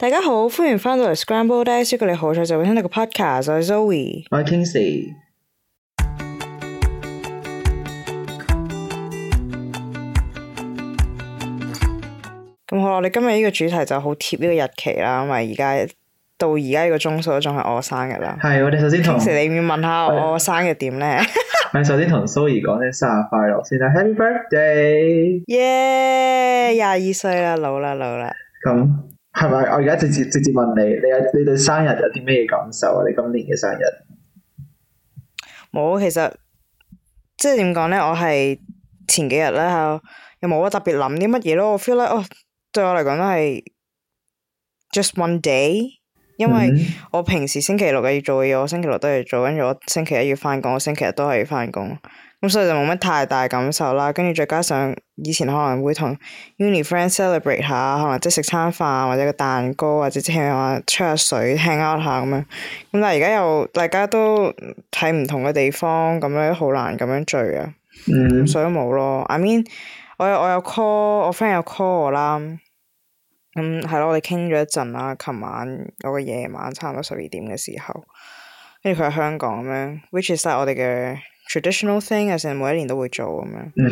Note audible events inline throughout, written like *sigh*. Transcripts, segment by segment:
大家好，歡迎翻到嚟 Scrambled Day，eh? 如果你好彩就會聽到個 podcast，我係 Zoe，我係 Kingsley。咁好啦，我哋今日呢個主題就好貼呢個日期啦，因為而家到而家呢個鐘數都仲係我生日啦。係，我哋首先同 Kingsley， *music* 你要唔要問下我，我生日點咧？咪首先同 Zoe 講聲生日快樂先啦，Happy Birthday！耶，廿二歲啦，老啦，老啦。咁。係咪？我而家直接直接問你，你有你對生日有啲咩感受啊？你今年嘅生日冇，其實即係點講咧？我係前幾日咧嚇，又冇特別諗啲乜嘢咯。我 feel 咧，哦，對我嚟講都係 just one day，因為我平時星期六日要做嘢，我星期六都係要做，跟住我星期一要翻工，我星期日都係要翻工。咁、嗯、所以就冇乜太大感受啦，跟住再加上以前可能會同 uni friend celebrate 下，可能即係食餐飯或者個蛋糕，或者即係話吹下水、hang out 下咁樣。咁但係而家又大家都睇唔同嘅地方，咁咧好難咁樣聚啊。嗯，所以冇咯。I mean，我有我有 call，我 friend 有 call 我啦。咁係咯，我哋傾咗一陣啦。琴晚我個夜晚差唔多十二點嘅時候，跟住佢喺香港咁樣，which is that 我哋嘅。traditional thing 啊，成日每一年都會做咁樣。咁、mm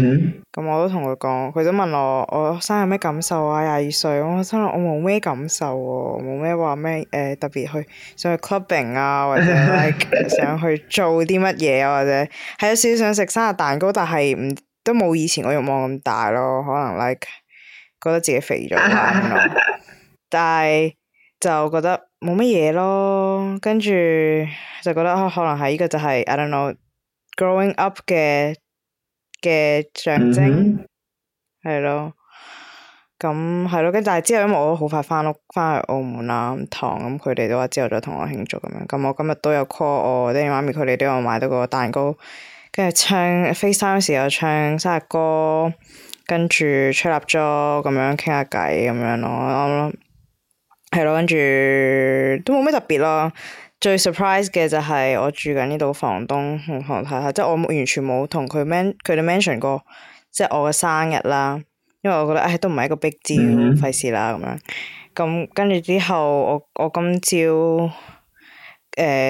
hmm. 我都同佢講，佢都問我我生日咩感受啊？廿二歲，我生日我冇咩感受喎、啊，冇咩話咩誒特別去想去 clubbing 啊，或者 like, *laughs* 想去做啲乜嘢啊，或者係有少少想食生日蛋糕，但係唔都冇以前個欲望咁大咯，可能 like 覺得自己肥咗啦。但係 *laughs* 就我覺得冇乜嘢咯，跟住就覺得可能係呢個就係、是、I don't know。Growing up 嘅嘅象徵，係咯、mm，咁係咯。跟但係之後，因為我都好快翻屋翻去澳門啦、啊，堂咁佢哋都話之後再同我慶祝咁樣。咁我今日都有 call 我爹哋媽咪，佢哋都有買到個蛋糕，跟住唱 FaceTime 時又唱生日歌，跟住吹蠟燭咁樣傾下偈咁樣咯。係咯，跟住都冇咩特別咯。最 surprise 嘅就係我住緊呢度，房東同我睇下，即係我完全冇同佢 mention，佢哋 mention 過即係我嘅生日啦。因為我覺得唉、哎，都唔係一個逼招，費事啦咁樣。咁跟住之後我，我我今朝誒，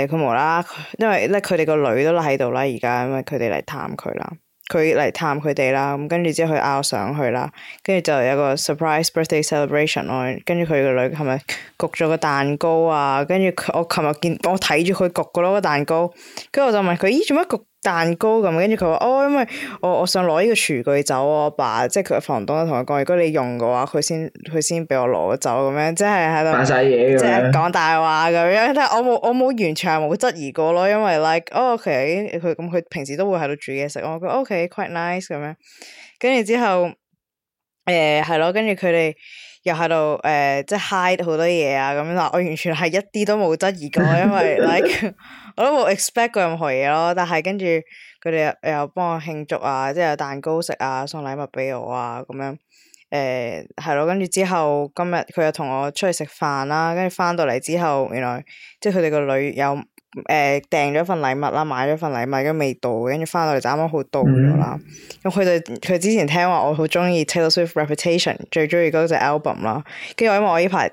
佢冇啦，因為咧佢哋個女都喺度啦，而家因為佢哋嚟探佢啦。佢嚟探佢哋啦，咁跟住之後佢拗上去啦，跟住就有一個 surprise birthday celebration，跟住佢個女係咪焗咗個蛋糕啊？跟住我琴日見我睇住佢焗嗰個蛋糕，跟住我就問佢：咦，做乜焗？蛋糕咁，跟住佢話哦，因為我我想攞呢個廚具走，我爸即係佢房東同佢講，如果你用嘅話，佢先佢先俾我攞走咁樣，即係喺度，即係講大話咁樣，但係我冇我冇完全係冇質疑過咯，因為 like，OK，佢咁佢平時都會喺度煮嘢食，我覺 OK，quite nice 咁樣，跟住之後，誒係咯，跟住佢哋又喺度誒即係 hide 好多嘢啊咁，但我完全係一啲都冇質疑過，因為 like okay。 *laughs* 我都冇 expect 過任何嘢咯，但係跟住佢哋又又幫我慶祝啊，即係有蛋糕食啊，送禮物畀我啊咁樣。誒，係咯，跟住之後今日佢又同我出去食飯啦，跟住翻到嚟之後原來即係佢哋個女有誒訂咗份禮物啦，買咗份禮物，跟住未到，跟住翻到嚟就啱啱好到咗啦。咁佢哋佢之前聽話我好中意 Taylor Swift Reputation 最中意嗰隻 album 啦，跟住我因為我呢排。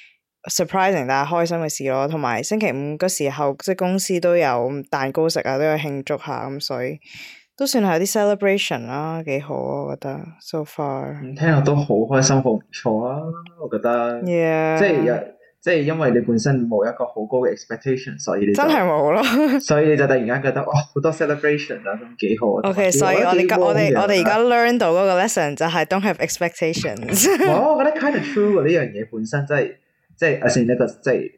surprising 但係開心嘅事咯，同埋星期五嗰時候即係公司都有蛋糕食啊，都有慶祝下咁，所以都算係有啲 celebration 啦，幾好啊，我覺得 so far 聽落都好開心，好唔錯啊，我覺得，Yeah. 即係即係因為你本身冇一個好高嘅 expectation，所以你真係冇咯， *laughs* 所以你就突然間覺得哦好多 celebration 啊，咁幾好。O Okay , K，所以我哋我哋我哋而家 learn 到嗰個 lesson 就係 don't have expectations。 *laughs* s 我覺得 kind of true 喎，呢樣嘢本身真係。 *laughs* 即係阿盛呢個即係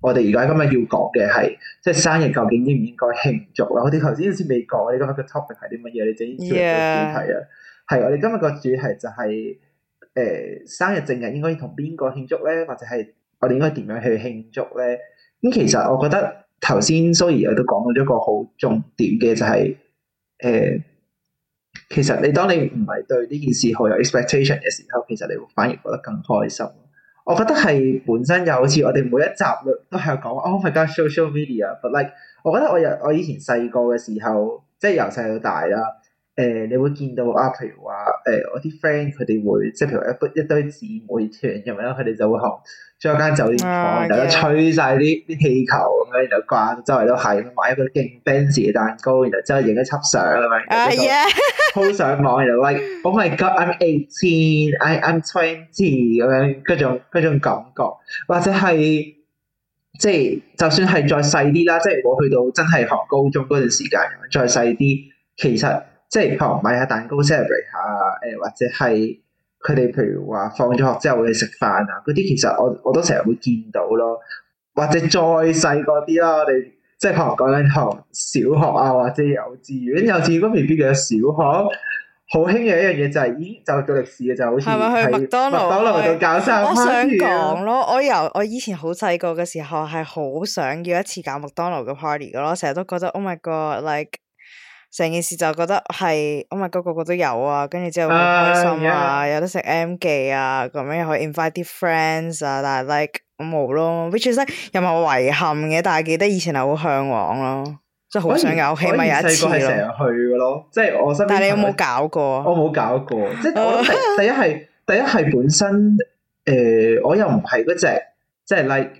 我哋而家今日要講嘅係，即係生日究竟應唔應該慶祝啦？我哋頭先先未講，我哋今日嘅 topic 係啲乜嘢？你哋已經出嚟主題啦。係我哋今日個主題就係、是、誒、呃、生日正日應該同邊個慶祝咧，或者係我哋應該點樣去慶祝咧？咁、嗯、其實我覺得頭先 Zoe 都講咗一個好重點嘅就係、是、誒、呃，其實你當你唔係對呢件事好有 expectation 嘅時候，其實你會反而覺得更開心。我覺得係本身就好似我哋每一集都都係講，oh my god，social media，but like，我覺得我我以前細個嘅時候，即係由細到大啦。誒、呃，你會見到啊，譬如話誒、呃，我啲 friend 佢哋會，即係譬如一堆一堆姊妹團咁樣，佢哋就會學，將間酒店房、oh, okay.，然後吹晒啲啲氣球咁樣，然後掛周圍都係，買一個勁 fans 嘅蛋糕，然後之、uh, yeah. *laughs* 後影一輯相咁樣，鋪上網又 like，Oh my God, I'm eighteen，I'm twenty，咁樣，各種種感覺，或者係即係，就算係再細啲啦，即係我去到真係學高中嗰段時間，再細啲，其實。即係學買下蛋糕 celebrate 下，誒或者係佢哋譬如話放咗學之後會去食飯啊，嗰啲其實我我都成日會見到咯。或者再細個啲啦，我哋即係學講緊學小學啊，或者幼稚園，幼稚園未必嘅小學，好興嘅一樣嘢就係、是，咦就做歷史嘅就好似係麥當勞度搞當在生日 party 咯。我由去我，我以前好細個嘅時候係好想要一次搞麥當勞嘅 party 嘅咯，成日都覺得 oh my god like。成件事就覺得係，因為個個個都有啊，跟住之後好開心啊，uh, yeah. 有得食 M 記啊，咁樣又可以 invite 啲 friends 啊，但係 like 冇咯，which is 又咪遺憾嘅，但係記得以前係好嚮往以咯，即係好想有，起碼有一次咯。細個成日去噶咯，即係我身邊但係你有冇搞過？ *laughs* 我冇搞過，即係第一係 *laughs* 第一係本身誒、呃，我又唔係嗰隻即係 like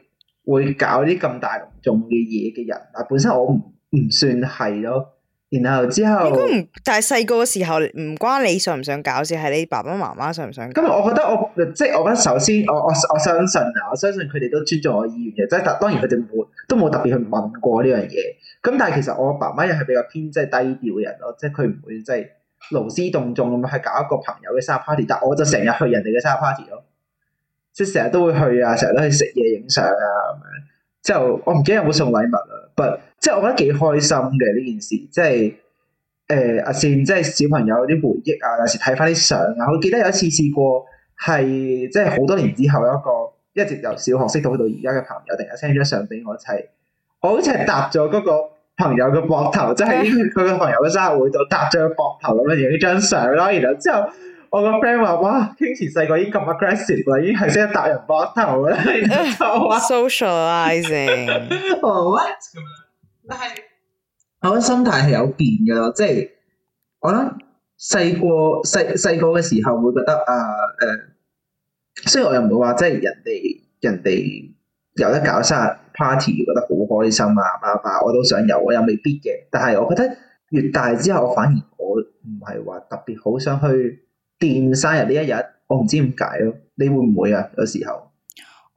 會搞啲咁大隆重嘅嘢嘅人，啊，本身我唔唔算係咯。然後之後，應該唔，但係細個嘅時候唔關你想唔想搞事，係你爸爸媽媽想唔想。咁、嗯、我覺得我即係我覺得首先，我我我相信啊，我相信佢哋都尊重我意願嘅，即係當然佢哋冇都冇特別去問過呢樣嘢。咁但係其實我爸媽又係比較偏即係低調嘅人咯，即係佢唔會即係勞師動眾咁去搞一個朋友嘅生日 party，但我就成日去人哋嘅生日 party 咯，即係成日都會去啊，成日都去食嘢、影相啊咁樣。之後我唔記得有冇送禮物啦，嗯即係我覺得幾開心嘅呢件事，即係誒阿倩，即係小朋友啲回憶啊，有時睇翻啲相啊。我記得有一次試過係即係好多年之後有一個一直由小學識到去到而家嘅朋友，突然間 send 咗相俾我，一齊我好似係搭咗嗰個朋友嘅膊頭，即係佢個朋友嘅生日會度搭咗個膊頭咁樣影張相咯。然後之後我個 friend 話，哇，傾前細個已經咁 aggressive 啦，已經係識得搭人膊頭啦，socialising。我話但係我嘅心態係有變噶咯，即係我諗細個細細個嘅時候會覺得啊，誒、呃，雖然我又唔會話即係人哋人哋有得搞生日 party，覺得好開心啊，乜乜我都想有，我又未必嘅。但係我覺得越大之後，反而我唔係話特別好想去掂生日呢一日，我唔知點解咯。你會唔會啊？有時候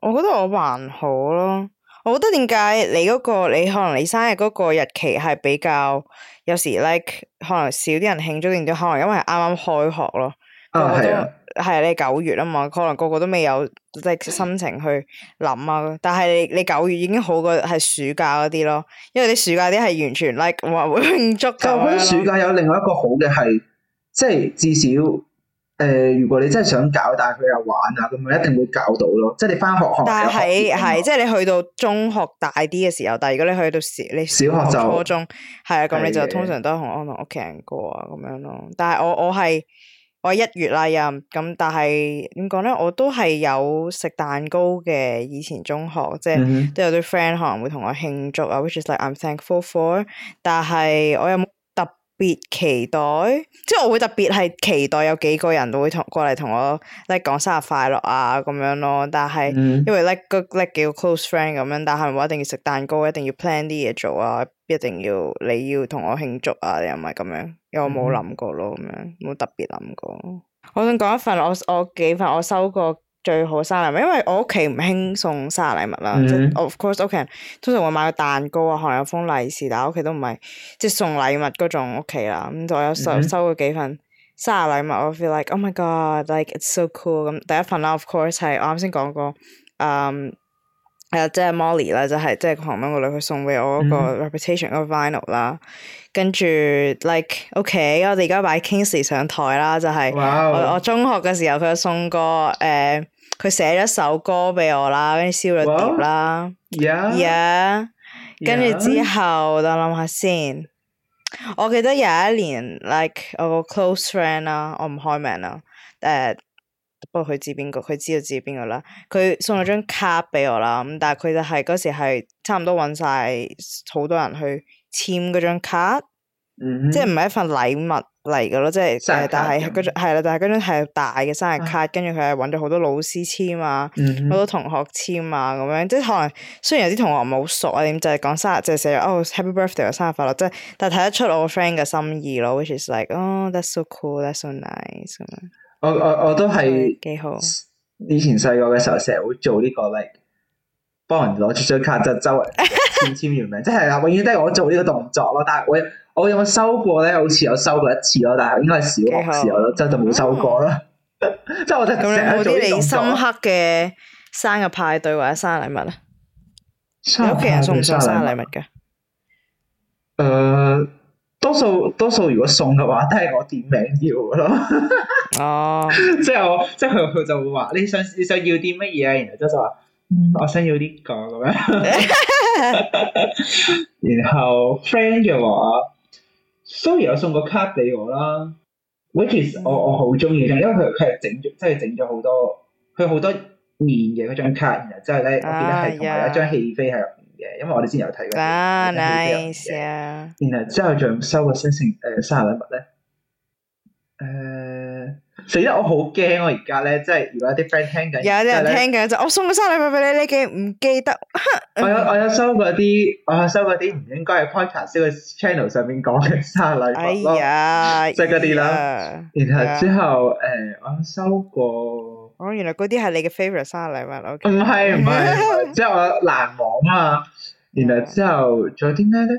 我覺得我還好咯。我覺得點解你嗰、嗰個你可能你生日嗰個日期係比較有時 like 可能少啲人慶祝，定都可能因為啱啱開學咯。啊、個個係、啊、你九月啊嘛，可能個個都未有即、like，係心情去諗啊。但係你九月已經好過係暑假嗰啲咯，因為你暑假啲係完全 like 話會慶祝。咁暑假有另外一個好嘅係，即係至少。誒、呃，如果你真係想搞，但係佢又玩啊，咁樣一定會搞到咯。即係你翻學學，但係喺係，即係你去到中學大啲嘅時候，但係如果你去到小你小學就初中，係啊，咁的你就通常都同安樂屋企人過啊，咁樣咯。但係我我係我一月啊任，咁但係點講咧？我都係有食蛋糕嘅，以前中學，即係、mm hmm. 都有啲 friend 可能會同我慶祝啊，which is like I'm thankful for。但係我又冇。特別期待，即、就、係、是、我會特別係期待有幾個人都會同過嚟同我咧講生日快樂啊咁樣咯。但係、mm hmm. 因為咧嗰咧幾個 close friend 咁樣，但係唔一定要食蛋糕，一定要 plan 啲嘢做啊，一定要你要同我慶祝啊，又唔係咁樣，又冇諗過咯，咁、mm hmm. 樣冇特別諗過。我想講一份我我幾份我收過。最好生日禮物，因為我屋企唔興送生日禮物啦、mm hmm.。即 Of course，屋企人通常會買個蛋糕啊，可能有封利是，但係屋企都唔係即係送禮物嗰種屋企啦。咁就有收收過幾份生日、mm hmm. 禮物，我 feel like oh my god，like it's so cool。咁第一份啦，of course 係我啱先講過，嗯、um，誒即係 Molly 啦、就是，就係即係韓文個女佢送俾我嗰個 reputation 嗰個 vinyl 啦。跟住 like OK 我哋而家擺 Kingsley 上台啦，就係、是、Wow. 我我中學嘅時候佢有送過誒。Uh, 佢寫咗首歌畀我啦，跟住燒咗碟啦，跟住之後，yeah. 後我諗下先，我記得有一年 like 我個 close friend 啦、啊，我唔開名啦，誒，不過佢知邊個，佢知道自己邊個啦。佢送咗張卡畀我啦，咁但係佢就係、是、嗰時係差唔多揾晒好多人去簽嗰張卡，mm hmm. 即係唔係一份禮物。嚟噶咯，即係日但係嗰種係啦，但係嗰種係大嘅生日卡，跟住佢係揾咗好多老師簽啊，好、嗯嗯、多同學簽啊，咁樣即係可能雖然有啲同學唔係好熟啊點，就係講生日就寫哦 Happy Birthday，生日快樂，即係但係睇得出我個 friend 嘅心意咯，which is like oh that's so cool, that's so nice 咁樣。我我我都係幾挺好。以前細個嘅時候，成日會做呢、這個 like 幫人攞住張卡就周圍簽簽完名，即係永遠都係我做呢個動作咯，但係我。我有冇收過咧？好似有收過一次咯，但係應該係小學時，好我覺得真係冇收過啦、哦。即係我真係冇係好深刻嘅生日派對或者生日禮物啊！物你屋企人送唔送生日禮物噶？誒、呃，多數多數如果送嘅話，都係我點名要咯。 *laughs* 哦， *laughs* 即係我即係佢就會話你想你想要啲乜嘢，然後就就話、嗯、我想要啲個咁樣， *laughs* *laughs* *laughs* 然後 friend 嘅話。sorry，有送個卡俾我啦，which is、嗯、我我好中意，因為佢佢整即係整咗好多，佢好多面嘅嗰張卡，然後之後咧、啊、我記得係同埋一張戲飛喺入面嘅，因為我哋先有睇嗰，然後之後仲收個星星誒生日禮物咧，誒、呃。死得我好驚，我而家咧，即係如果有啲 friend 聽緊，有啲人聽緊就我送個生日禮物俾你，你記唔記得？ *laughs* 我有我有收過啲，我有收過啲唔應該喺 Podcast 個 channel 上面講嘅生日禮物咯，即係嗰啲啦。然後之後誒，我收過，哦，原來嗰啲係你嘅 favorite 生日禮物。唔係唔係，之後我難忘啊嘛。然後之後仲有啲咩咧？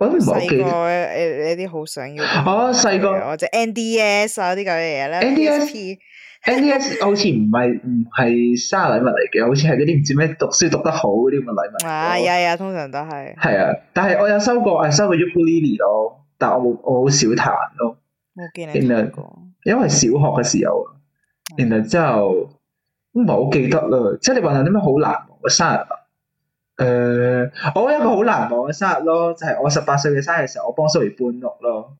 我唔係好記得，誒，有啲好想要，哦，細個或者 NDS 啊啲咁嘅嘢咧。NDS NDS NS P 好似唔係唔係生日禮物嚟嘅，好似係嗰啲唔知咩讀書讀得好嗰啲咁嘅禮物。啊，係係，通常都係。係啊，但係我有收過，誒， *noise* 收過 ukulele 咯，但係、嗯、來我我好少彈咯。我見你聽過。因為小學嘅時候，然後之後唔係好記得啦，即係你話有啲咩好難忘生日？誒，我有、uh, oh, 一個好難忘嘅生日咯，就係、是、我十八歲嘅生日嘅時候，我幫 Zoe 搬屋咯。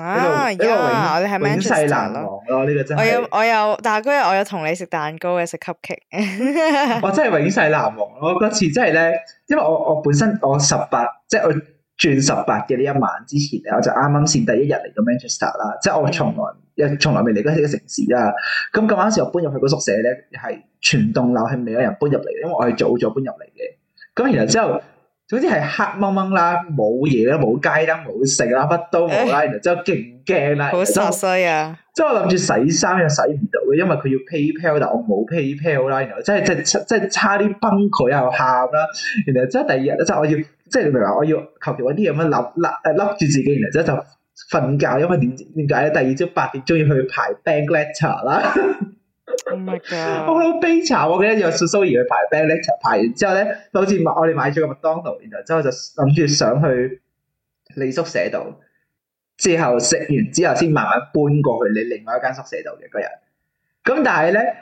啊，呢個永世難忘咯，呢、這個真係。我有大哥我有，但係嗰日我有同你食蛋糕嘅，食 cupcake *laughs* *laughs* 我真係永世難忘咯，嗰次真係咧，因為我我本身我十八，即係我轉十八嘅呢一晚之前咧，我就啱啱先第一日嚟到 Manchester 啦，即係我從來。又從來未嚟過呢個城市啊！咁嗰晚時候搬入去個宿舍咧，係全棟樓係未有人搬入嚟，因為我係早咗搬入嚟嘅。咁然後之後，總之係黑掹掹啦，冇嘢啦，冇街啦，冇食啦，乜都冇啦。然後之後勁驚啦，好衰啊！即係我諗住洗衫又洗唔到嘅，因為佢要 PayPal，但我冇 PayPal 啦。然後即係即係即係差啲崩潰又喊啦。然後即係第二日，即係我要即係你明唔明我要求其揾啲嘢咁樣笠笠住自己。然後之後就～瞓覺，因為點點解咧？第二朝八點鐘要去排 bank letter 啦。o 我好悲慘，我記得約小蘇兒去排 bank letter，排完之後咧，好似我哋買咗個麥當勞，然後之後就諗住上去你宿舍度，之後食完之後先慢慢搬過去你另外一間宿舍度嘅個人。咁但係咧，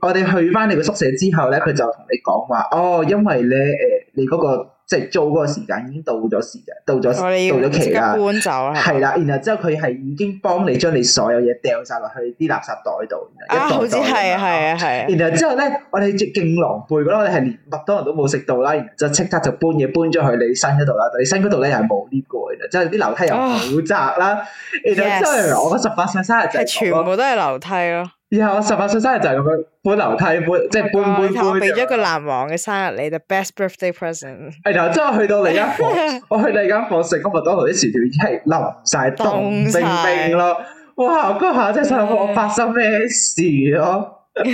我哋去翻你個宿舍之後咧，佢就同你講話，哦，因為咧誒，你嗰、那個。即係做嗰個時間已經到咗時間，到咗到咗期啦，搬走啦，係啦。然後之後佢係已經幫你將你所有嘢掉晒落去啲垃圾袋度，啊、一袋袋啊係啊係啊。然後之後咧，我哋即係勁狼狽，覺得我哋係連麥當勞都冇食到啦。然後就即刻就搬嘢搬咗去你新嗰度啦。但你新嗰度咧又係冇呢個嘅，即係啲樓梯又好窄啦。哦、然後之後原來我十八歲生日就係全部都係樓梯咯。然後我十八歲生日就係咁樣搬樓梯搬，即係搬搬搬。俾咗個難忘嘅生日你，就 Best Birthday Present。係，然後之後去到你屋，我去你間房，食個麥當勞啲薯條一淋晒凍冰冰咯。哇，嗰下真係想講發生咩事咯。即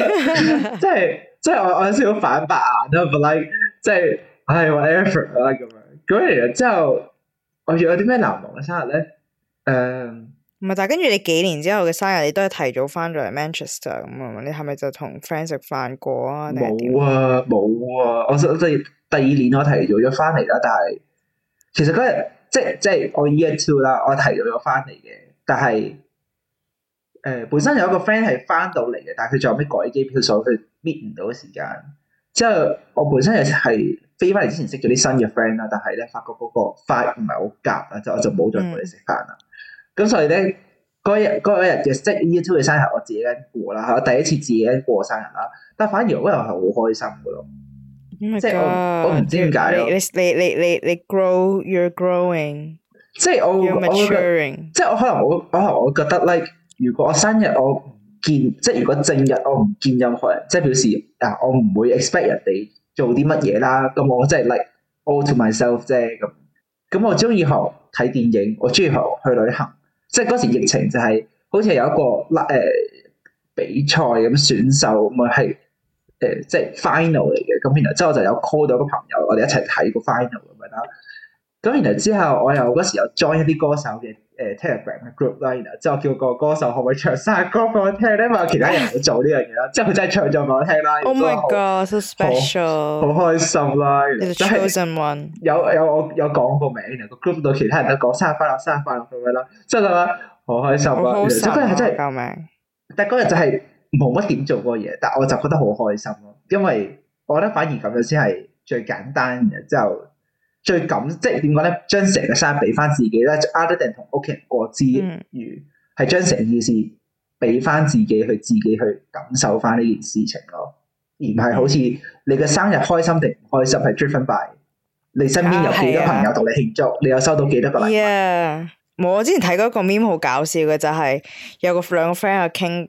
係即係我我有少少反白啊，即係，哎 whatever 啦咁樣。咁然之後，我仲有啲咩難忘嘅生日咧？誒。唔係，但係跟住你幾年之後嘅生日，你都係提早翻咗嚟 Manchester 咁啊？你係咪就同 friend 食飯過啊？冇啊，冇啊！我我哋第二年我提早咗翻嚟啦，但係其實嗰日即係即係 on year two 啦，我提早咗翻嚟嘅，但係誒、呃、本身有一個 friend 係翻到嚟嘅，但係佢最後尾改機票所以 m e 唔到時間，之後我本身係係飛翻嚟之前識咗啲新嘅 friend 啦，但係咧發覺嗰個 time 唔係好夾啊，就我就冇再同佢食飯啦。嗯咁所以咧，嗰日一日即即 YouTube 嘅生日，我自己咧過啦。我第一次自己咧過生日啦，但反而我又係好開心噶咯。即我我唔知點解咧。你你你你 grow you're growing。即我我覺得，即我可能我我可能我覺得，like 如果我生日我唔見，即如果正日我唔見任何人，即表示啊我唔會 expect 人哋做啲乜嘢啦。咁我即係 like all to myself 啫。咁咁我中意學睇電影，我中意學去旅行。即係嗰時疫情就係好似係有一個拉誒、呃、比賽咁選秀，咪係誒，即係 final 嚟嘅咁，然後之後就有 call 到個朋友，我哋一齊睇個 final 咁咪得。咁然之後，我又嗰時有 join 一啲歌手嘅誒 Telegram 嘅 group 啦。然之後叫歌會會個歌手可唔可以唱生日歌俾我聽咧？因為其他人唔會做呢樣嘢啦。即係佢真係唱咗俾我聽啦。Oh my god! So special，好開心啦有有我有講個名。然 group 到其他人都講生日快樂，生日快樂咁樣咯。真係覺得好開心啊！真係救命啊！但係嗰日就係冇乜點做過嘢，但我就覺得好開心咯。因為我覺得反而咁樣先係最簡單嘅之後。就是最感即係點講咧，將成個生日俾翻自己咧，other than 同屋企人過之餘，係將成件事俾翻自己去自己去感受翻呢件事情咯，而唔係好似你嘅生日開心定唔開心係 driven、嗯、by，你身邊有幾多朋友同你慶祝，啊啊、你有收到幾多個禮物。啊、yeah.，冇我之前睇過一個 Meme 好搞笑嘅就係、是、有個兩個 friend 喺度傾。King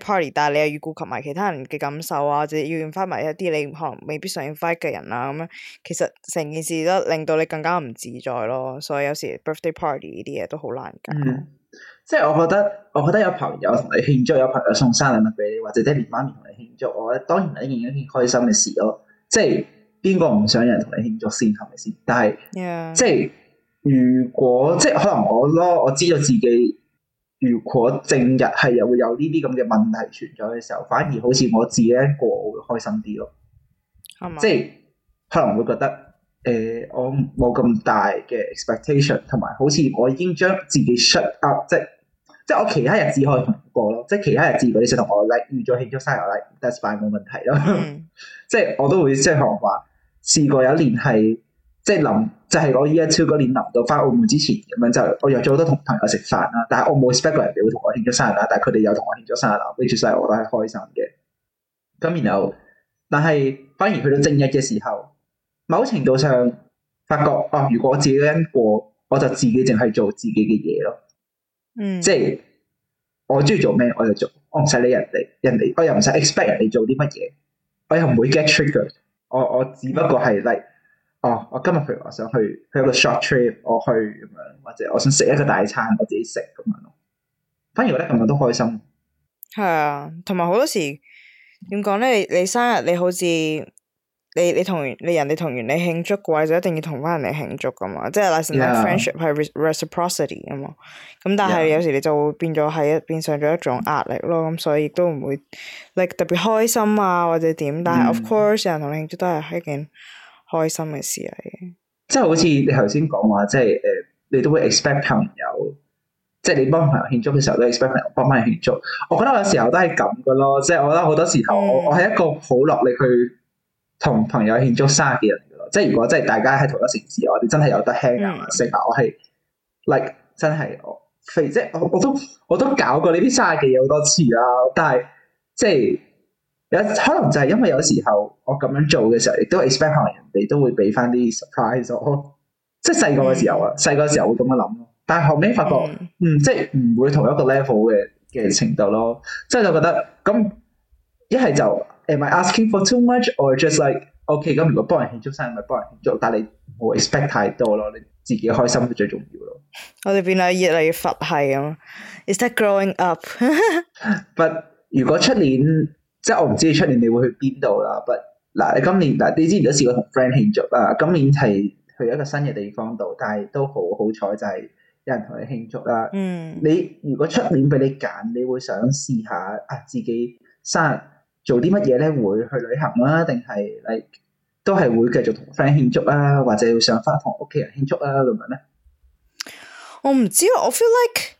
party，但係你又要顧及埋其他人嘅感受啊，或者要應翻埋一啲你可能未必想應翻嘅人啊，咁樣其實成件事都令到你更加唔自在咯。所以有時 birthday party 呢啲嘢都好難揀啊。嗯，即係我覺得，我覺得有朋友同你慶祝，有朋友送生日禮物俾你，或者爹哋媽咪同你慶祝，我覺得當然係一件一件開心嘅事咯。即係邊個唔想有人同你慶祝先係咪先？但係 Yeah. 即係如果即係可能我咯，我知道自己。如果正日係又會有呢啲咁嘅問題存在嘅時候，反而好似我自己過會開心啲咯，係嘛？即係可能會覺得誒、呃、我冇咁大嘅 expectation，同埋好似我已經將自己 shut up，即係即係我其他日子可以同過咯，即係其他日子嗰啲就同我 like 預咗慶祝生日 like that's fine 冇問題咯，嗯、 *laughs* 即係我都會即係學話試過有一年係。即係臨，就係我依家超過年臨到翻澳門之前咁樣，就我又做得同朋友食飯啦。但係我冇 expect 人哋會同我慶祝生日啦，但係佢哋又同我慶祝生日啦。which 我都係開心嘅。咁然後，但係反而去到正日嘅時候，某程度上發覺，哦，如果我自己一個人過，我就自己淨係做自己嘅嘢咯。嗯，即係我中意做咩我就做，我唔使理人哋，人哋我又唔使 expect 人哋做啲乜嘢，我又唔會 get triggered。我我只不過係 l、like, 哦，我今日譬如我想去去一個 short trip，我去咁樣，或者我想食一個大餐，我自己食咁樣咯。反而我覺得今日都開心。係啊，同埋好多時點講咧？你你生日你好似你你同你人哋同完你慶祝嘅話，就一定要同翻人哋慶祝㗎嘛。即係，like friendship 係 reciprocity 啊嘛。咁 Yeah. ci 但係有時你就會變咗係一變相咗一種壓力咯。咁所以都唔會 l、like, 特別開心啊，或者點？但係 of course、mm. 人同你慶祝都係一件。開心嘅事嚟、啊，嘅，嗯、即係好似你頭先講話，即係誒，你都會 expect 朋友，即係你幫朋友慶祝嘅時候都 expect 朋友幫翻你慶祝。嗯、我覺得我有時候都係咁嘅咯，即係我覺得好多時候我我係一個好落力去同朋友慶祝生日嘅人嚟嘅咯。即係如果即係大家喺同一城市，我哋真係有得 hang 㗎嘛！成日、嗯、我係 like 真係我肥，即係我我都、嗯、我都搞過呢啲生日嘅嘢好多次啦、啊。但係即係。有可能就係因為有時候我咁樣做嘅時候，亦都 expect 可能人哋都會俾翻啲 surprise 即係細個嘅時候啊，細個嘅時候會咁樣諗，但係後尾發覺，嗯，嗯，即係唔會同一個 level 嘅嘅程度咯。即係、嗯、就覺得咁一係就 Am I asking for too much，or just like okay 咁，如果幫人慶祝生日咪幫人慶祝，但係唔會 expect 太多咯。你自己開心最重要咯。我哋變咗越嚟越佛系啊！Is that growing up？But *music* 如果出年。即係我唔知出年你會去邊度啦 but 嗱，你今年嗱，你之前都試過同 friend 慶祝啦，今年係去一個新嘅地方度，但係都好好彩就係有人同你慶祝啦。嗯，你如果出年俾你揀，你會想試下啊自己生日做啲乜嘢咧？會去旅行啦，定係你都係會繼續同 friend 慶祝啦，啊，或者會上翻同屋企人慶祝啦咁樣咧？我唔知啊，我 feel like。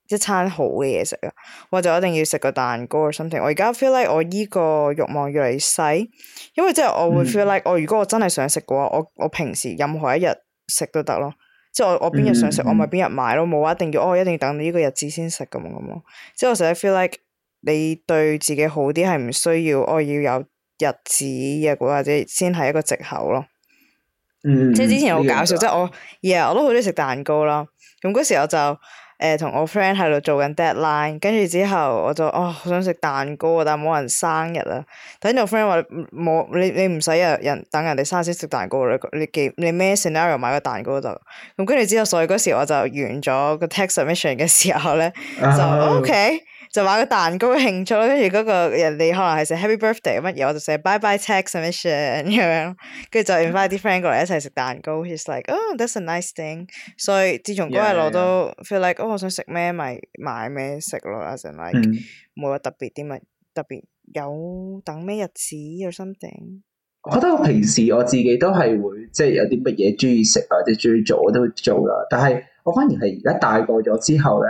一餐好嘅嘢食啊！我就一定要食個蛋糕啊 something 我而家 feel like 我依個欲望越嚟越細，因為即係我會 feel like 我如果我真係想食嘅話，我我平時任何一日食都得咯。即係我我邊日想食，我咪邊日買咯。冇話一定要哦，我一定要等到呢個日子先食咁咁咯。即係我成日 feel like 你對自己好啲係唔需要，我要有日子嘅或者先係一個藉口咯。嗯、即係之前好搞笑，嗯、即係我而家、嗯、我都好中意食蛋糕啦。咁嗰時候我就～誒同、呃、我 friend 喺度做緊 deadline，跟住之後我就哦，好想食蛋糕啊，但冇人生日啊。我，等條 friend 話冇你，你唔使人人等人哋生日先食蛋糕啦。你幾你咩 scenario 買個蛋糕就咁？跟、嗯、住之後，所以嗰時我就完咗個 text submission 嘅時候咧，就、oh. oh, OK。就話個蛋糕興趣咯，跟住嗰個人你可能係食 Happy Birthday，乜嘢，我就寫 Bye Bye Text 咩嘢咁樣，跟住就 invite 啲 friend 過嚟一齊食蛋糕。He's like，oh that's a nice thing。所以自從嗰日落都 feel like，哦，我想食咩咪買咩食咯，as in like 冇特別啲咪特別有等咩日子又 something。我覺得我平時我自己都係會即係有啲乜嘢中意食或者中意做我都會做啦，但係我反而係而家大個咗之後咧，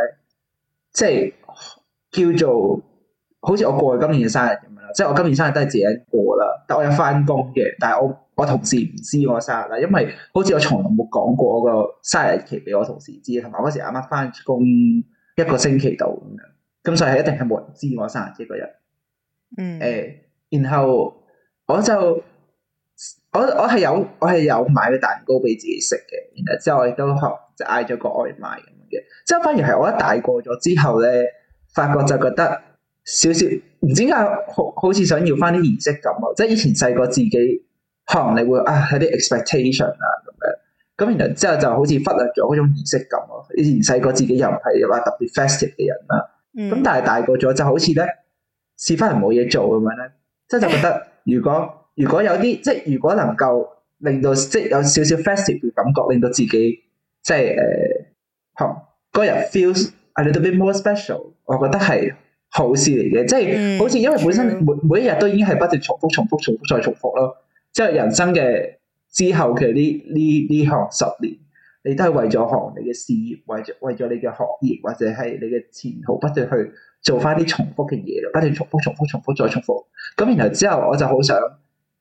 即係。叫做好似我過去今年嘅生日咁樣啦，即係我今年生日都係自己過啦。但我有翻工嘅，但係我我同事唔知我生日啦，因為好似我從來冇講過我個生日期俾我同事知，同埋嗰時啱啱翻工一個星期度咁樣，咁所以係一定係冇人知我生日即個日。嗯。誒、欸，然後我就我我係有我係有買個蛋糕俾自己食嘅，然之後我亦都學就嗌咗個外賣咁嘅，即係反而係我一大過咗之後咧。發覺就覺得少少唔知點解好好似想要翻啲儀式感咯，即係以前細個自己可能你會啊有啲 expectation 啊，咁樣，咁然之後就好似忽略咗嗰種儀式感咯。以前細個自己又唔係又話特別 festive 嘅人啦，咁但係大個咗就好似咧試翻嚟冇嘢做咁樣咧，即就覺得如果如果有啲即係如果能夠令到即係有少少 festive 嘅感覺，令到自己即係誒同、呃、嗰日 feels a little bit more special。我覺得係好事嚟嘅，即係好似因為本身每每一日都已經係不斷重複、重複、重複再重複咯。即係人生嘅之後嘅呢呢呢項十年，你都係為咗學你嘅事業，為咗為咗你嘅學業，或者係你嘅前途，不斷去做翻啲重複嘅嘢。不斷重複、重複、重複再重複。咁然後之後，我就好想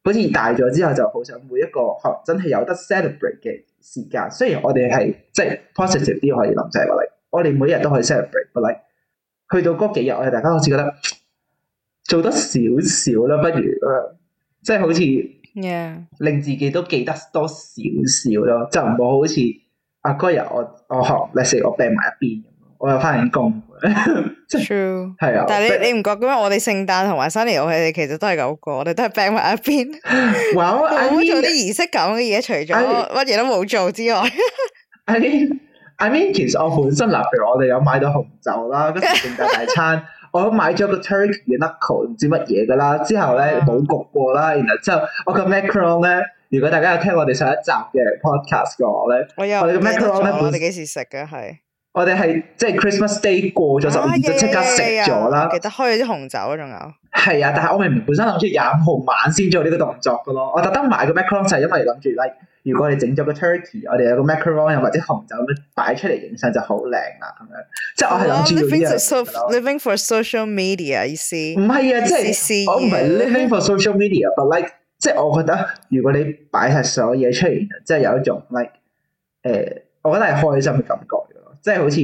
好似大咗之後，就好想每一個學真係有得 celebrate 嘅時間。雖然我哋係即係 positive 啲可以諗，就係話嚟，我哋每日都可以 celebrate，不嚟。去到嗰幾日，我哋大家好似覺得做得少少啦，不如即係好似令自己都記得多少少咯，就唔好好似啊嗰日我我學，你我病埋一邊，我又翻緊工，即係係啊！但係你你唔覺咁樣？我哋聖誕同埋新年，我哋其實都係咁過，我哋都係病埋一邊。我冇做啲儀式感嘅嘢，除咗乜嘢都冇做之外，阿 Annie。I mean，其實我本身，例如我哋有買到紅酒啦，跟住定價大餐， *laughs* 我買咗個 Turkey、嘅 n u c h o 唔知乜嘢噶啦，之後咧冇焗過啦，然後之後我個 Macaron 咧，如果大家有聽我哋上一集嘅 Podcast 嘅話咧，我有又 我哋嘅 Macaron 我哋幾時食嘅？係我哋係即係、就是、Christmas Day 過咗十年就即刻食咗啦，yeah, yeah, yeah, yeah，記得開咗啲紅酒仲、啊、有，係啊，但係我明明本身諗住廿五號晚先做呢個動作嘅咯，我特登買個 Macaron 就係，因為諗住咧。如果你整咗個 turkey，我哋有個 macaron 又或者紅酒咁樣擺出嚟影相就好靚啦，咁樣即係我係諗住 Living for social media，意思？唔係啊，即係我唔係 living for social media，but like living 即係我覺得如果你擺晒所有嘢出嚟，即係有一種 like 誒，我覺得係開心嘅感覺即係好似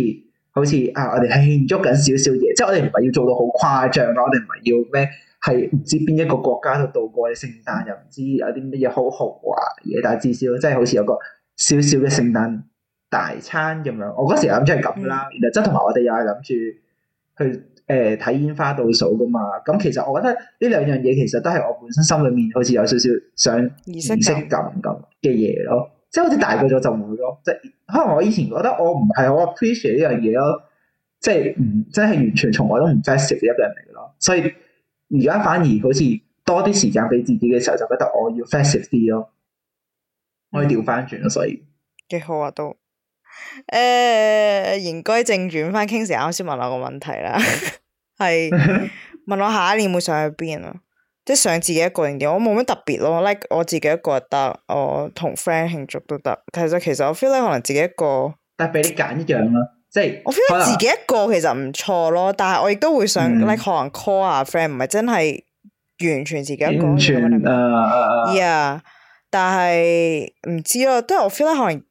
好似啊，我哋係慶祝緊少少嘢，即係我哋唔係要做到好誇張咯，我哋唔係要咩。係唔知邊一個國家度度過嘅聖誕，又唔知有啲乜嘢好豪華嘢，但係至少即係好似有個少少嘅聖誕大餐咁樣。我嗰時諗住係咁啦，嗯、即係同埋我哋又係諗住去誒睇、呃、煙花倒數噶嘛。咁其實我覺得呢兩樣嘢其實都係我本身心裏面好似有少少想儀式感咁嘅嘢咯。即係好似大個咗就唔會咯，即係可能我以前覺得我唔係好 appreciate 呢樣嘢咯，即係唔即係完全從來都唔 fancy 呢一樣嚟咯，所以。而家反而好似多啲時間俾自己嘅時候，就覺得我要 flexible 啲咯，我要調翻轉咯，所以幾好啊，都誒、欸、言歸正傳，翻 King Sir 啱先問我個問題啦，係 *laughs* 問我下一年會想去邊啊？即係上自己一個人點？我冇乜特別咯，like 我自己一個得，我同 friend 慶祝都得。其實其實我 feel like，可能自己一個但係俾你揀一樣咯。我 feel 自己一個其實唔錯咯，但係我亦都會想，你、嗯、可能 call 下 friend，唔係真係完全自己一個完全，yeah，但係唔知咯，都係我 feel 到可能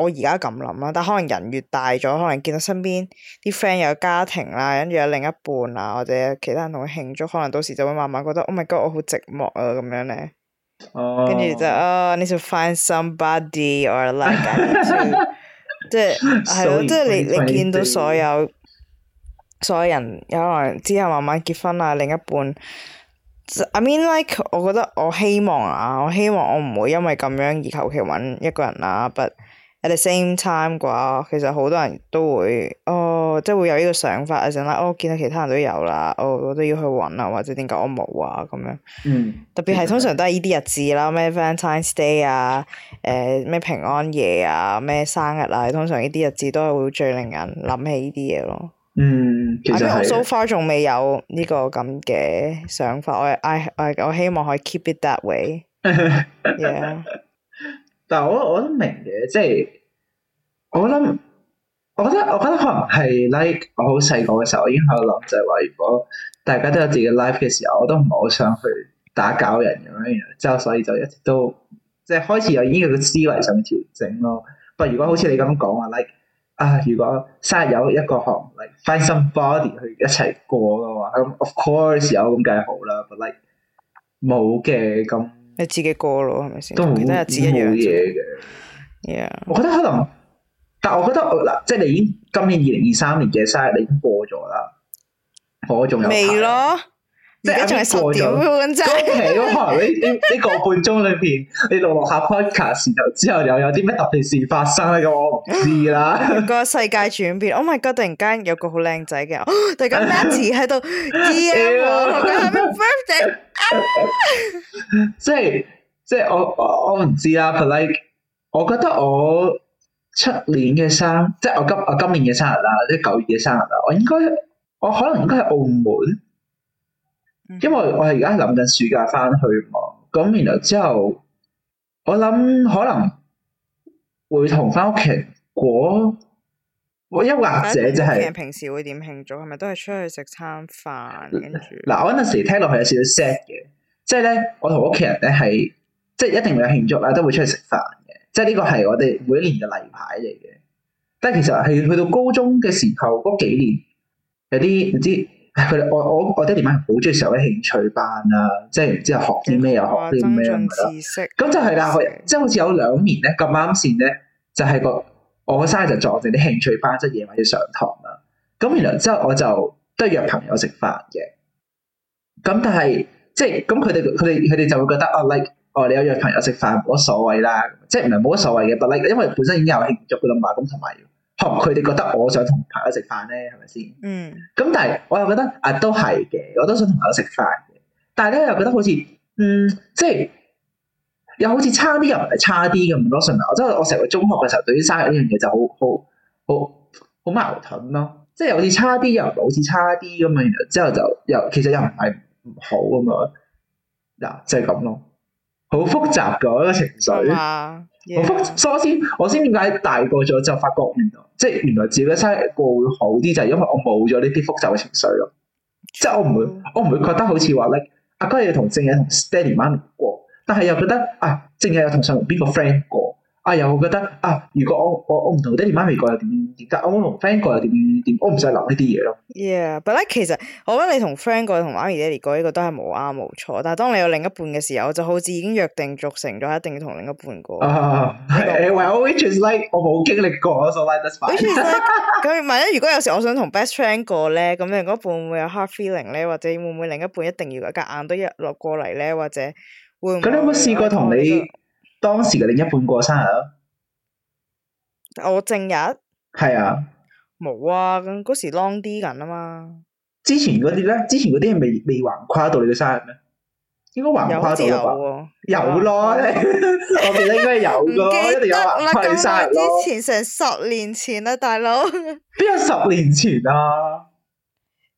我而家咁諗啦，但係可能人越大咗，可能見到身邊啲 friend 有家庭啦，跟住有另一半啊，或者其他人同佢慶祝，可能到時就會慢慢覺得，oh my god，我好寂寞啊咁樣咧，跟住、uh，就 oh need to find somebody or like。 *laughs* 即係係咯，即係 *laughs* 以你 *laughs* 你見到所有 *laughs* 所有人有可能之後慢慢結婚啊，另一半。I mean like 我覺得我希望啊，我希望我唔會因為咁樣而求其揾一個人啦、啊，But。At the same time 啩，其實好多人都會哦，即係會有呢個想法嘅時候啦。哦，見到其他人都有啦，我、哦、我都要去揾啊，或者點講我冇啊咁樣。嗯。特別係、嗯、通常都係呢啲日子啦，咩 Valentine's Day 啊，誒、呃、咩平安夜啊，咩生日啊，通常呢啲日子都係會最令人諗起呢啲嘢咯。嗯，我 I mean, so far 仲未有呢個咁嘅想法。我 I, I, I, 我希望可以 keep it that way。係啊。但係我我都明嘅，即係我諗，我覺得我覺得可能係 like 我好細個嘅時候，已經喺度諗就係話，如果大家都有自己嘅 life 嘅時候，我都唔係好想去打攪人咁樣。之後所以就一直都即係開始有依個嘅思維上面調整咯。不過如果好似你咁講話，like 啊，如果生日有一個行 like find somebody 去一齊過嘅話，咁 of course 有咁梗係好啦。But like 冇嘅咁。你自己過咯，係咪先？都很其他日子一樣嘢嘅。我覺得可能，但係我覺得即係你已經今年二零二三年嘅生日你已經過咗啦，我、哦、仲有，有，未咯。即係仲係十點半，嗰期可能呢呢呢個半鐘裏邊，你落落下 podcast 時候之後又有啲咩特別事發生咧？咁我唔知啦。個世界轉變，Oh my god！突然間有個好靚仔嘅，突然間 Macy 喺度，Dear 我，我今日係咩 birthday？即係即係我我我唔知啦，But like，我覺得我出年嘅生，即係我今我今年嘅生日啦，即係九月嘅生日啦，我應該我可能應該係澳門。因為我係而家諗緊暑假翻去嘛，咁然後之後，我諗可能會同翻屋企過，我一或者就係屋企人平時會點慶祝，係咪都係出去食餐飯跟住？嗱，我陣時聽落去有少少 sad 嘅，即係咧，我同屋企人咧係即係一定會有慶祝啦，都會出去食飯嘅，即係呢個係我哋每年嘅例牌嚟嘅。但係其實係去到高中嘅時候嗰幾年，有啲唔知。誒，佢我我我爹哋媽好中意上啲興趣班啊？即係唔知學啲咩啊，學啲咩咁咁就係啦，真是 即係好似有兩年咧咁啱先咧，就係、是、個我嘅生日就撞正啲興趣班即係夜晚上要上堂啦。咁、嗯、原來之後我就都約朋友食飯嘅。咁但係即係咁，佢哋佢哋佢哋就會覺得哦，like 哦，你有約朋友食飯冇乜所謂啦，即係唔係冇乜所謂嘅，but like，因為本身已經有興趣啦嘛，咁同埋。可能佢哋覺得我想同朋友食飯咧，係咪先？嗯。咁但係我又覺得啊，都係嘅，我都想同朋友食飯嘅。但係咧又覺得好似，嗯，即係又好似差啲，又唔係差啲咁多。所以，我真係我成個中學嘅時候，對於生日呢樣嘢就好好好好矛盾咯。即係又好似差啲，又唔好似差啲咁啊。之後就又其實又唔係唔好咁啊。嗱，即係咁咯，好複雜嘅一個情緒。我復疏先，我先點解大個咗之後發覺原來，即係原來自己生日過會好啲，就係、是、因為我冇咗呢啲複雜嘅情緒咯。即係我唔會，我唔會覺得好似話咧，Yeah. 阿哥要同靜姐同 Stanley 媽咪過，但係又覺得啊，靜姐又同上邊個 friend 過。哎呀，我覺得啊，如果我我我唔同爹哋媽咪過又點點點，但係我冇同 friend 過又點點點，我唔使諗呢啲嘢咯。Yeah，but 咧其實我覺得你同 friend 過同媽咪爹哋過呢個都係冇啱冇錯，但係當你有另一半嘅時候，就好似已經約定俗成咗，一定要同另一半過。係，Well, it's just like，我冇經歷過啊，so like that's fine。咁，唔係如果有時我想同 best friend 過咧，咁另一半會唔會有 hard feeling 咧？或者會唔會另一半一定要一夾硬都一落過嚟咧？或者會唔會？咁你有冇試過同你？當時嘅另一半過生日咯，我正日。係啊，冇啊，咁嗰時 long 啲緊啊嘛。之前嗰啲咧，之前嗰啲係未未橫跨到你嘅生日咩？應該橫跨到啦吧？有咯，我記得應該有嘅咯，一定有橫跨咯。之前成十年前啦，大佬。邊有十年前啊？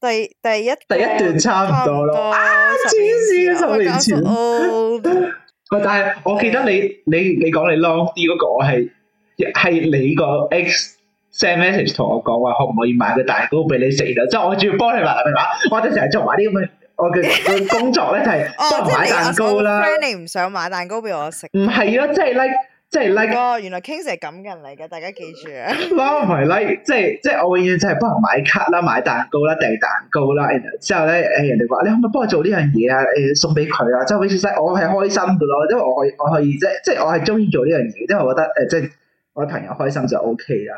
第第一第一段差唔多咯。啊，黐線啊！十年前。但係我記得你 Yeah. 你你講你 long d 嗰個，個我係係你個 ex send message 同我講話可唔可以買個蛋糕俾你食啦？即、就、係、是、我仲要幫你買，明唔明啊？我哋成日做埋啲咁嘅，我嘅工作咧就係幫人買蛋糕啦。friend， *laughs* oh, 你唔想買蛋糕俾我食？唔係啊，即係 like。即係 like，原來 Kings 是係咁嘅人嚟嘅，大家記住啊！嗱，唔係 like，即係即係我永遠即係幫人買卡啦、買蛋糕啦、訂蛋糕啦。然之後咧，誒人哋話：你可唔可以幫我做呢樣嘢啊？誒送俾佢啊！即係好似真，我係開心嘅咯，因為我可以，我可以即即我係中意做呢樣嘢，因為我覺得誒即我啲朋友開心就 O、OK、K 啦。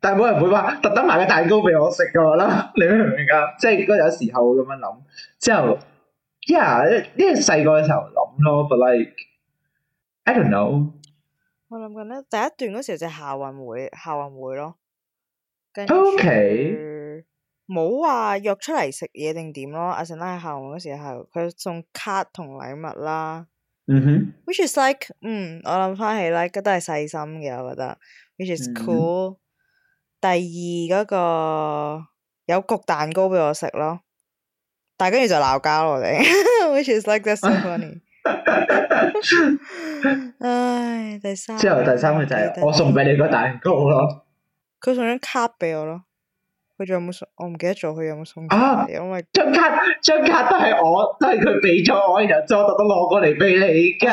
但係冇人會話特登買個蛋糕俾我食嘅啦，你明唔明啊？即係都有時候咁樣諗。之後，yeah，呢啲細個嘅時候咯，but like，I don't know。我諗緊咧，第一段嗰時就校運會，校運會咯，跟住 OK，冇話約出嚟食嘢定點咯。阿成喺校運嗰時候，佢送卡同禮物啦。嗯哼、mm。Hmm. Which is like，嗯，我諗翻起咧，都係細心嘅，我覺得。Which is cool、mm。Hmm. 第二嗰個有焗蛋糕俾我食咯，但係跟住就鬧交咯，which is like, that's so funny。 *laughs* 唉，第三之後第三個就係、是、我送俾你個蛋糕咯，佢送張卡俾我咯，佢仲有冇送？我唔記得咗佢有冇送。啊，因為張卡張卡都係我，都係佢俾咗我，然後再特登攞過嚟俾你噶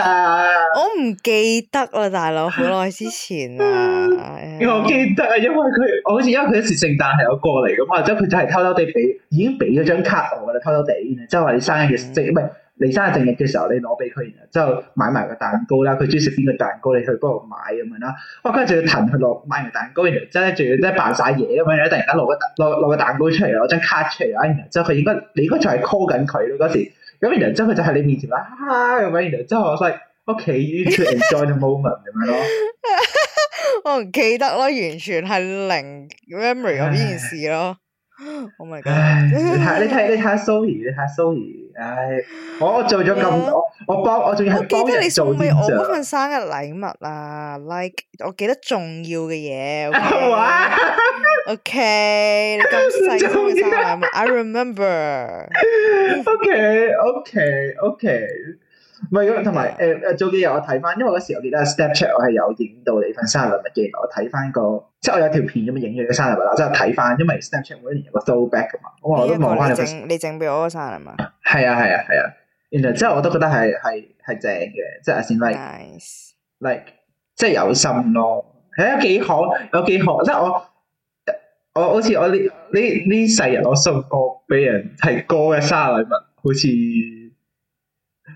我唔記得啦，大佬，好耐之前啦。我記得啊，因為佢，我好似因為佢一時聖誕係我過嚟咁，或者佢就係、是、偷偷地俾，已經俾咗張卡我噶，偷偷地，即係話你生日嘅時， *laughs* *noise* 你生日正日嘅時候，你攞俾佢，然後之後買埋個蛋糕啦。佢中意食邊個蛋糕，你去幫佢買咁樣啦。哇！跟住仲要騰去落買完蛋糕，然後之後咧仲要即扮晒嘢咁樣，突然間攞個攞攞個蛋糕出嚟，攞張卡出嚟啊！然後之後佢應該你應該就係 call 緊佢嗰時，咁然後之後佢就喺你面前啦，咁樣然後之後我屋企出 moment，咁我唔記得完全係零 memory 嗰件唉事咯。Oh my God，你睇你睇你睇 sorry，你睇 sorry，唉，我我做咗咁多，我幫，我仲要係幫人做嘢。我覺得你係咪我嗰份生日禮物啊？Like 我記得重要嘅嘢，OK，你咁細心嘅生日禮物，I remember。Okay，okay，okay。唔係，同埋誒誒早幾日我睇翻，因為嗰時我記得 Snapchat 我係有影到你份生日禮物嘅，我睇翻個即係我有條片咁樣影咗個生日禮物，即係睇翻，因為 Snapchat 每年有一個 throwback 嘛，我我都望翻你。你整你整俾我個生日禮物？係啊係啊係啊，然之後即係我都覺得係係係正嘅，即係先 like Nice. like 即係有心咯，誒幾好有幾好，即係我我好似我你你呢世人我送過俾人係哥嘅生日禮物，好似。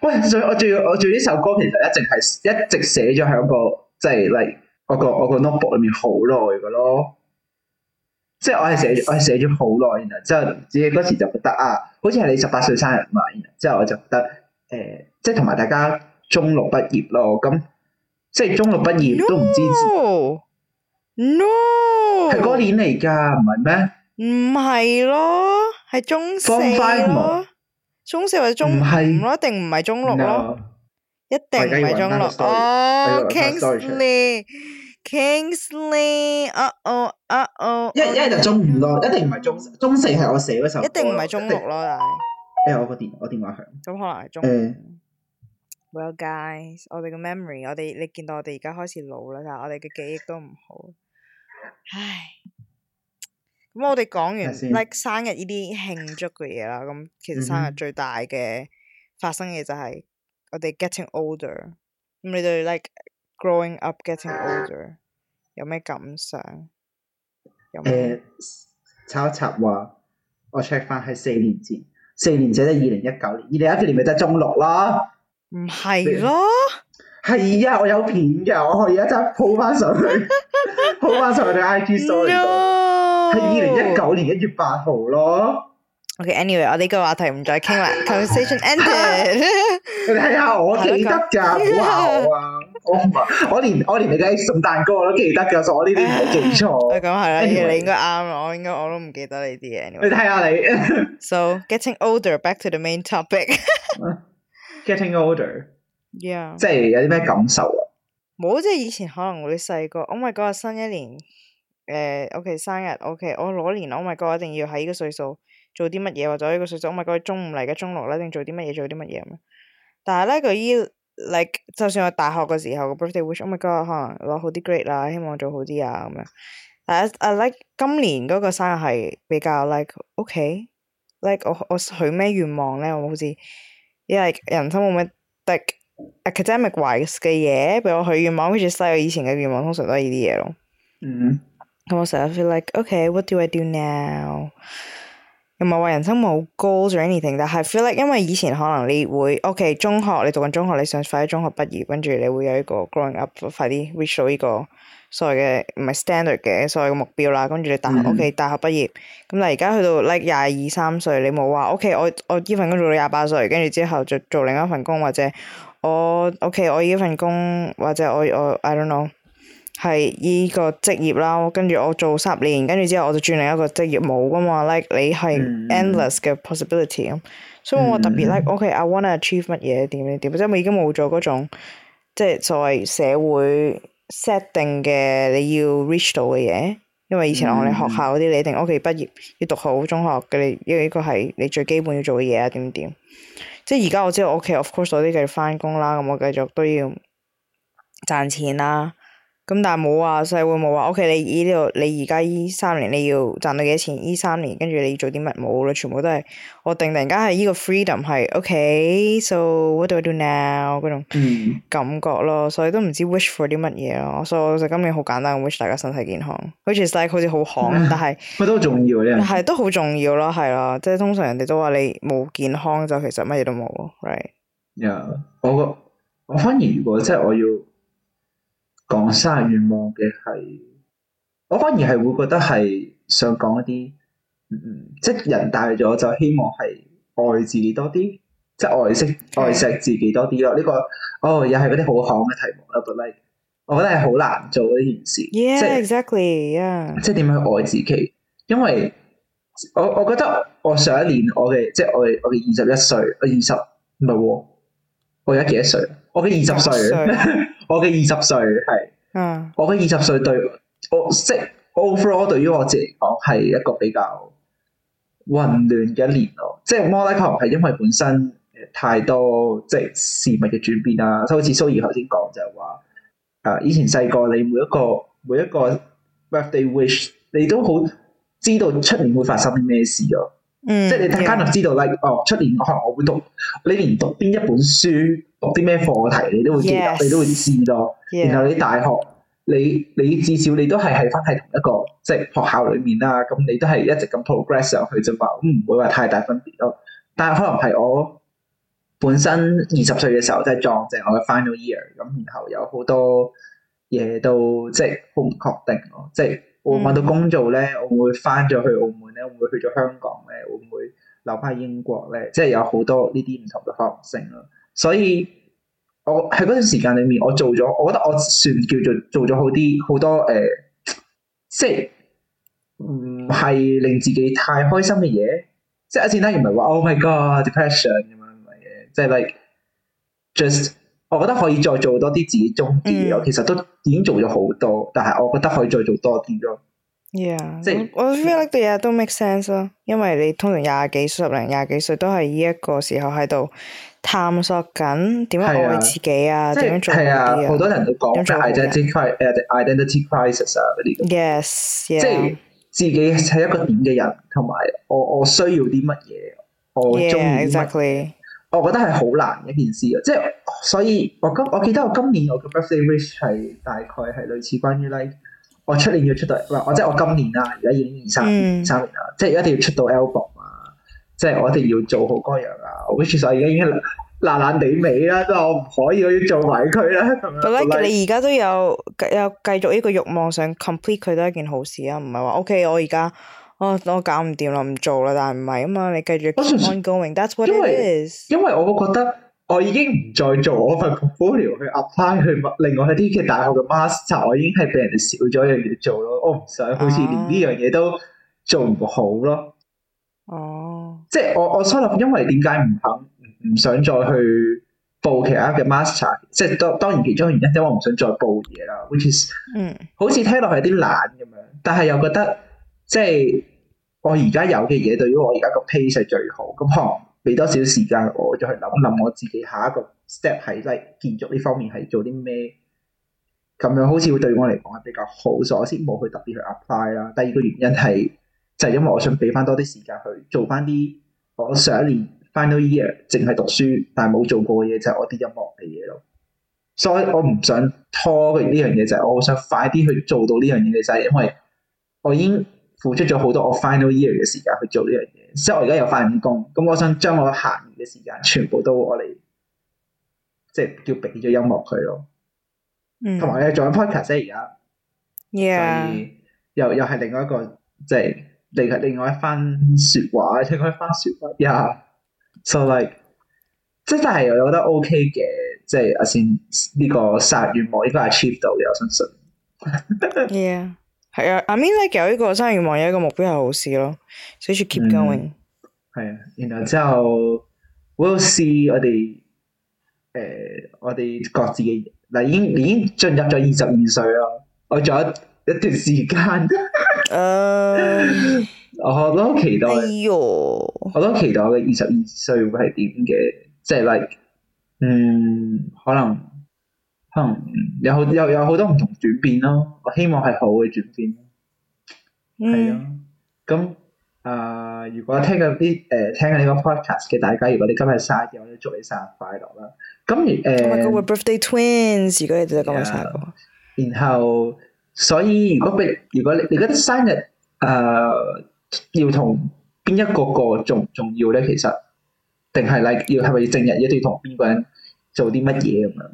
喂，所以我，我仲要，我仲要呢首歌，其實一直係一直寫咗響個，即係嚟我個我個 notebook 裏面好耐噶咯。即係我係寫，我係寫咗好耐。然後之後，自己嗰時就覺得啊，好似係你十八歲生日嘛。然後之後我就覺得，誒、欸，即係同埋大家中六畢業咯。咁即係中六畢業都唔知，no，係 No! 嗰年嚟噶，唔係咩？唔係咯，係中四中四或者中五咯，一定唔係中六咯，一定唔係中六。哦，Kingsley，Kingsley，啊哦啊哦，一一日就中五咯，一定唔係中中四係我寫嘅時候。一定唔係中六咯，但係，誒，我個電我電話響。咁可能係中五。Well guys，我哋嘅 memory，我哋你見到我哋而家開始老啦，但係我哋嘅記憶都唔好，唉。咁我哋講完 like 生日呢啲慶祝嘅嘢啦，咁其實生日最大嘅發生嘅就係我哋 getting older。咁你對 like growing up、getting older 有咩感想？誒，插一插話，我 check 翻係四年前，四年即係二零一九年，二零一九年咪即係中六啦，唔係咯？係呀，我有片嘅，我可以一陣 po 翻上去，po 翻上去我哋 IG story 度。係二零一九年一月八號咯。Okay，anyway，我呢個話題唔再傾啦。Conversation ended。係啊，我記得噶，唔好吓我啊！我唔係，我連我連你個 X 送蛋糕都記得噶，所以我呢啲唔係記錯。咁係啦，Anyway，你應該啱，我應該我都唔記得你啲嘢。Anyway，你睇下你。So getting older，back to the main topic。Getting older。Yeah。即係有啲咩感受啊？冇，即係以前可能我啲細個，我咪嗰日新一年。Uh, OK，生日，OK 我攞年我咪哥一定要喺呢個歲數做啲乜嘢，或者呢個歲數我咪哥中五嚟嘅，中六一定做啲乜嘢，做啲乜嘢，但係呢佢依 like 就算我大學嘅時候個 birthday wish，我咪哥可能攞好啲 grade、er, 啦，希望做好啲啊咁樣。但係啊，like 今年嗰個生日係比較 like OK、okay? like 我我許咩願望呢？我好似因為人生冇乜 like academic wise 嘅嘢俾我許願望，跟住所以我以前嘅願望通常都係呢啲嘢咯。嗯、mm。Hmm. 咁我成日 feel like，ok，what do I do now？又唔係話人生冇 goals 或 anything，但係 feel like 因為以前可能你會，ok，中學你讀緊中學，你想快啲中學畢業，跟住你會有一個 growing up，快啲 reach 到呢個所謂嘅唔係 standard 嘅所謂嘅目標啦，跟住你大學，ok，大學畢業。咁嗱，而家去到 like 廿二三歲，你冇話，ok，我我呢份工做到廿八歲，跟住之後就做另一份工，或者我，ok，我呢份工或者我我 I don't know。係依個職業啦，跟住我做十年，跟住之後我就轉另一個職業，冇噶嘛。like 你係 endless 嘅 possibility 咁、嗯，所以、so，我特別 like、嗯、OK，I、okay, wanna achieve 乜嘢點點點，即係我已經冇做嗰種即係在社會 set 定嘅你要 reach 到嘅嘢，因為以前我哋學校嗰啲、嗯、你一定屋企、okay，畢業要讀好中學嘅，呢一個係你最基本要做嘅嘢啊，點點。即係而家我知我屋企 of course 我啲繼續翻工啦，咁我繼續都要賺錢啦。咁但係冇話細會冇話，O.K. 你依度你而家依三年你要賺到幾多錢？依三年跟住你要做啲乜冇啦？全部都係我定突然間係依個 freedom 係 O.K. So what do I do now？嗰種感覺咯，所以都唔知 wish for 啲乜嘢咯。所以我就今年好簡單，wish 大家身體健康。wish、like, 好似好行，但係唔 *laughs* 人家 都重要嘅咩？係都好重要咯，係咯，即係通常人哋都話你冇健康就其實乜嘢都冇，right？呀、yeah,，我我反而如果即係我要。講生日願望嘅係，我反而係會覺得係想講一啲，嗯嗯，即係人大咗就希望係愛自己多啲，即係愛惜愛惜自己多啲咯。呢個，哦，又係嗰啲好 hard 嘅題目。例如，我覺得係好難做呢件事。Yeah, exactly. Yeah. 即係點樣愛自己？因為我我覺得我上一年我嘅 Okay. 即係我嘅我嘅二十一歲，我二十唔係喎，我而家幾多歲？我嘅二十歲。 *laughs* 我嘅二十歲係，uh, 我嘅二十歲對我識 overall 對於我自己嚟講係一個比較混亂嘅一年咯。即係 more like 係因為本身太多即係事物嘅轉變啦，就好似 Zoe 頭先講就係話，啊以前細個你每一個每一個 Birthday wish 你都好知道出年會發生啲咩事咯。嗯，即係你聽安就知道 like，哦出年可能我會讀你連讀邊一本書。啲咩課題你都會記得，Yes. 你都會知咯。Yes. 然後你大學，你你至少你都係喺翻喺同一個即係、就是、學校裏面啦。咁你都係一直咁 progress 上去啫嘛。唔會話太大分別咯。但係可能係我本身二十歲嘅時候即係撞正我嘅 final year。咁然後有好多嘢都即係好唔確定咯。即、就、係、是、我揾到工做咧，我會翻咗去澳門咧，我會去咗香港咧，會唔會留翻喺英國咧？即、就、係、是、有好多呢啲唔同嘅可能性咯。所以，我喺嗰段時間裏面，我做咗，我覺得我算叫做做咗好啲，好多誒、呃，即係唔係令自己太開心嘅嘢。即係一陣間又唔係話 oh my god depression 咁樣嘅，即係 like just，我覺得可以再做多啲自己中意嘅嘢。Mm hmm. 其實都已經做咗好多，但係我覺得可以再做多啲咯。yeah，我咩 feel 得都 make sense 咯，因為你通常廿幾、四十零、廿幾歲都係依一個時候喺度探索緊點樣愛自己啊，點樣做啲嘢啊，好啊啊多人都講 identity crisis 啊嗰啲，yes，yeah. 即係自己係一個點嘅人，同埋我我需要啲乜嘢，我中意乜嘢，yeah, exactly. 我覺得係好難一件事啊，即係所以我今我記得我今年有個 birthday wish 係大概係類似關於 like。我出年要出到，唔係我即係我今年啦、啊，而家已經二三、mm. 三年啦，即係一定要出到 album 啊，即係我一定要做好嗰樣啊。which 而家已經爛爛地尾啦，即係我唔可以做埋佢啦。咁樣，你而家都有有繼續呢個欲望，想 complete 佢都係一件好事啊，唔係話 OK 我而家啊我搞唔掂啦，唔做啦，但係唔係啊嘛，你繼續 keep on going，that's 為 what it is。因為因為我覺得。我已經唔再做我份 portfolio 去 apply 去另外一啲嘅大學嘅 master，我已經係俾人哋少咗一樣嘢做咯。我唔想好似連呢樣嘢都做唔好咯。哦、oh.，即係我我收入，因為點解唔肯唔想再去報其他嘅 master，即係當當然其中原因，因為我唔想再報嘢啦。Which is 嗯，mm. 好似聽落係啲懶咁樣，但係又覺得即係我而家有嘅嘢，對於我而家個 pace 係最好咁嗬。可能俾多少時間我再去諗諗我自己下一個 step 係，即係建築呢方面係做啲咩？咁樣好似會對我嚟講係比較好，所以我先冇去特別去 apply 啦。第二個原因係就係、是、因為我想俾翻多啲時間去做翻啲我上一年 final year 淨係讀書但係冇做過嘅嘢，就係、是、我啲音樂嘅嘢咯。所以我唔想拖呢樣嘢，就係我好想快啲去做到呢樣嘢嘅際，因為我已經，付出咗好多我 final year 嘅時間去做呢樣嘢，所以我而家又翻緊工，咁我想將我閒餘嘅時間全部都攞嚟，即係叫俾咗音樂佢咯。嗯我，同埋咧做緊 podcast 而家，yeah，又又係另外一個即係、就是、另外另外一番説話，另外一番説話。Yeah，so like 即係但係我又覺得 OK 嘅，即係阿先呢個十月末應該係 achieve 到嘅，我相信。Yeah. 係啊阿 I mean like 有呢個生涯夢，有一個目標係好事咯，所、so、以 keep going、嗯。係啊，然後之後，we'll see 我哋誒、呃、我哋各自嘅嗱已經已經進入咗二十二歲咯，我仲有一段時間。誒 *laughs* ，uh, 我都期待。哎我都期待我嘅二十二歲會係點嘅，即係 like 嗯可能。嗯、um，有好有有好多唔同轉變咯、啊，我希望係好嘅轉變、啊。嗯、mm. 啊，係咁啊，如果聽緊啲誒聽緊呢個 podcast 嘅大家，如果你今日生日，我都祝你生日快樂啦。咁如誒，我個 birthday twins，如果你都係今日生日，然後，所以如果俾如果你你覺得生日誒、呃、要同邊一個個重唔重要咧，其實定係你要係咪要正日一定要同邊個人做啲乜嘢咁樣？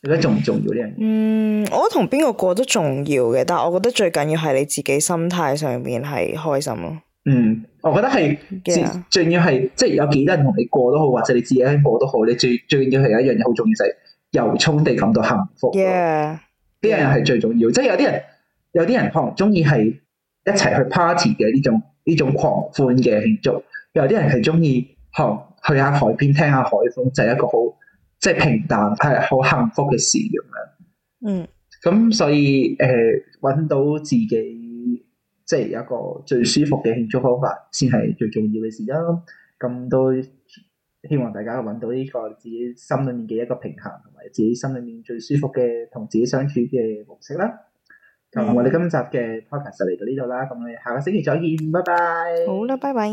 你、嗯、覺得重唔重要呢樣嘢？嗯，我覺得同邊個過都重要嘅，但係我覺得最緊要係你自己心態上面係開心咯。嗯，我覺得係，仲要係即係有幾多人同你過都好，或者你自己喺度過都好，你最最緊要係有一樣嘢好重要，就係由衷地感到幸福嘅，呢樣嘢係最重要。Yeah. 即係有啲人，有啲人可能中意係一齊去 party 嘅呢種呢種狂歡嘅慶祝，有啲人係中意行去下海邊聽下海風，就係、是、一個好。即係平淡係好幸福嘅事咁樣，嗯，咁所以誒，搵、呃、到自己即係一個最舒服嘅慶祝方法，先係最重要嘅事咯。咁都希望大家搵到呢個自己心裏面嘅一個平衡，同埋自己心裏面最舒服嘅同自己相處嘅模式啦。咁、嗯、我哋今集嘅 Podcast 嚟到呢度啦，咁我哋下個星期再見，拜拜。好啦，拜拜。